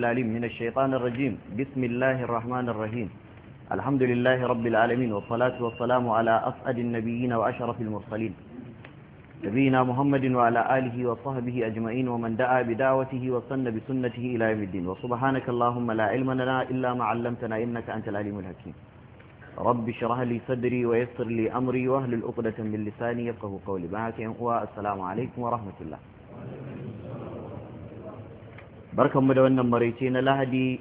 العليم من الشيطان الرجيم بسم الله الرحمن الرحيم الحمد لله رب العالمين والصلاة والسلام على أسعد النبيين وأشرف المرسلين نبينا محمد وعلى آله وصحبه أجمعين ومن دعا بدعوته وصن بسنته إلى يوم الدين وسبحانك اللهم لا علم لنا إلا ما علمتنا إنك أنت العليم الحكيم رب اشرح لي صدري ويسر لي أمري وأهل الأقدة من لساني يفقه قولي معك السلام عليكم ورحمة الله mu da wannan maraice na lahadi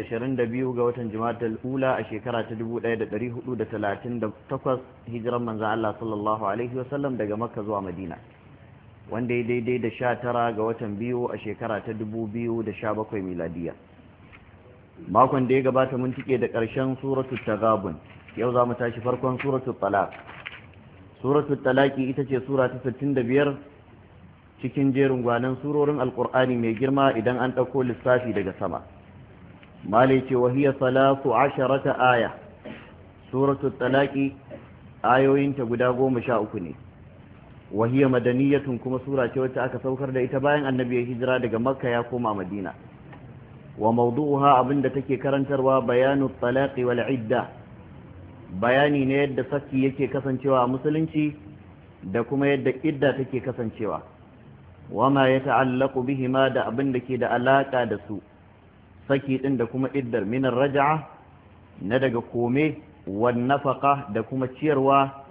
22 ga watan jima'atul ula a shekara ta 1438 hijiran manzan Allah sallallahu alaihi wasallam daga makka zuwa madina wanda ya daidai da 19 ga watan biyu a shekara ta 2017 miladiya makon da ya gabata mun tike da ƙarshen suratul tagabun yau za mu tashi farkon suratul talaki suratul talaqi ita ce sura ta 65 cikin jerin gwanan surorin alkur'ani mai girma idan an ɗauko lissafi daga sama malai ce wahiyar salatu asharata aya suratu talaki ayoyinta guda goma sha uku ne wahiyar madaniyatun kuma sura ce wacce aka saukar da ita bayan annabi ya hijira daga makka ya koma madina wa mawdu'uha abinda take karantarwa bayanu talaqi wal idda bayani ne yadda saki yake kasancewa a musulunci da kuma yadda idda take kasancewa wama ya ta'allaku ma da abin da ke da alaƙa da su saki ɗin da kuma iddar minar raja'a na daga kome wan nafaka da kuma ciyarwa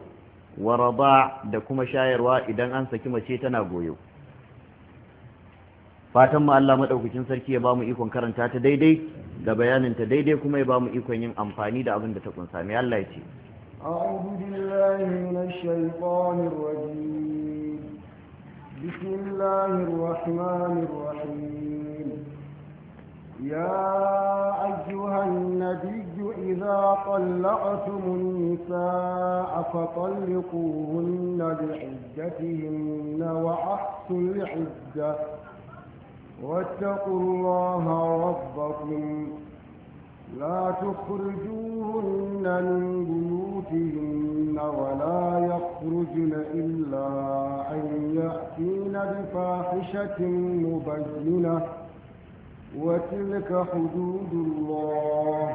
wa raba da kuma shayarwa idan an saki mace tana goyo fatan mu Allah madaukakin sarki ya bamu ikon karanta ta daidai da bayanin ta daidai kuma ya bamu ikon yin amfani da abin da ta kunsa mai Allah ya ce A'udhu billahi minash shaitanir rajim. بسم الله الرحمن الرحيم يا أيها النبي إذا طلقتم النساء فطلقوهن بعدتهن وأحصوا العدة واتقوا الله ربكم لا تخرجوهن من بيوتهن ولا يخرجن إلا يأتين بفاحشة مبينة وتلك حدود الله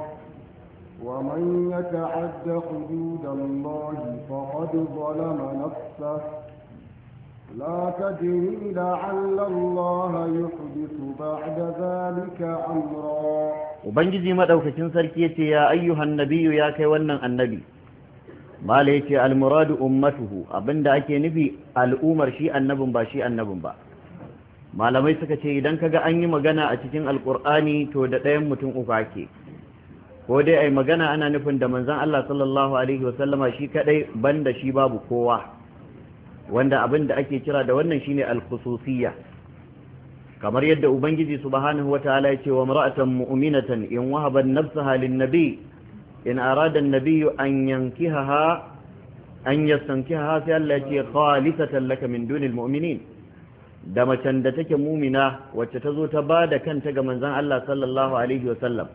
ومن يتعد حدود الله فقد ظلم نفسه لا تدري لعل الله يحدث بعد ذلك أمرا وبنجزي ما دوكتين سركيتي يا أيها النبي يا كي ونن النبي ya ce almuradu ummatuhu abinda ake nufi al'umar shi annabin ba shi annabin ba malamai suka ce idan kaga an yi magana a cikin alkur'ani to da ɗayan mutum uku ake ko dai ai magana ana nufin da manzon Allah sallallahu alaihi wasallama shi kadai banda shi babu kowa wanda abin da ake kira da wannan shine al-khususiyya kamar yadda ubangiji subhanahu wataala ya ce wa mar'atan mu'minatan in wahaba nafsaha lin-nabi in arada nabiyu an yankihaha an yastankihaha sai Allah ce khalisatan laka min dunil mu'minin da macen da take mumina wacce ta zo ta ba da kanta ga manzon Allah sallallahu alaihi wa sallam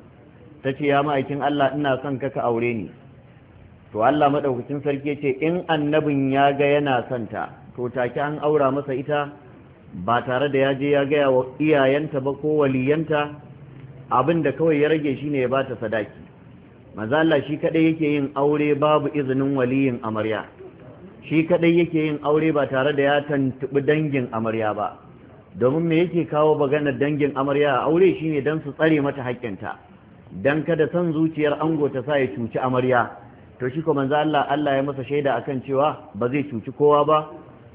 tace ya ma'aikin Allah ina son ka ka aure ni to Allah madaukakin sarki ce in annabin ya ga yana son ta to take an aura masa ita ba tare da ya je ya gaya wa iyayenta ba ko waliyanta abin da kawai ya rage shine ya bata sadaki manzo shi kadai yake yin aure babu izinin waliyin amarya shi kadai yake yin aure ba tare da ya tantubi dangin amarya ba domin me yake kawo maganar dangin amarya aure shine dan su tsare mata haƙƙinta dan kada san zuciyar ango ta sa ya cuci amarya to shi ko manzo Allah Allah ya masa shaida akan cewa ba zai cuci kowa ba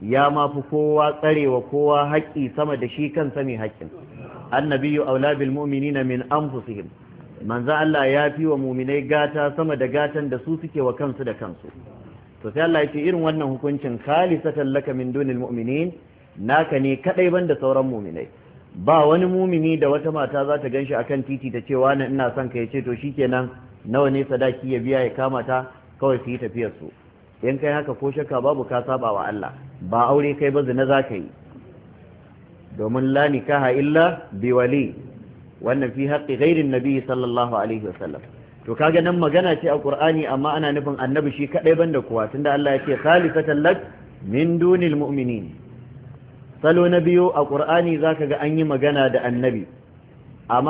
ya ma fi kowa tsarewa kowa haƙƙi sama da shi kansa mai haƙƙin annabiyyu aula mu'minina min anfusihim manzo Allah ya fi wa muminai gata sama da gatan da su suke wa kansu da kansu to sai Allah ya ce irin wannan hukuncin khalisatan laka min dunil mu'minin naka ne kadai banda sauran muminai ba wani mumini da wata mata za ta ganshi akan titi ta ce wani ina son ka yace to shikenan nawa ne sadaki ya biya ya kama ta kawai su yi tafiyar su in kai haka ko shakka babu ka saba wa Allah ba aure kai ba zina za ka yi domin la nikaha illa bi wannan fi haqqi ghairin nabi sallallahu alaihi wasallam to kaga nan magana ce a qur'ani amma ana nufin annabi shi kadai banda kowa tunda Allah ya ce khalifatan lak min dunil mu'minin salo na biyu a qur'ani zaka ga an yi magana da annabi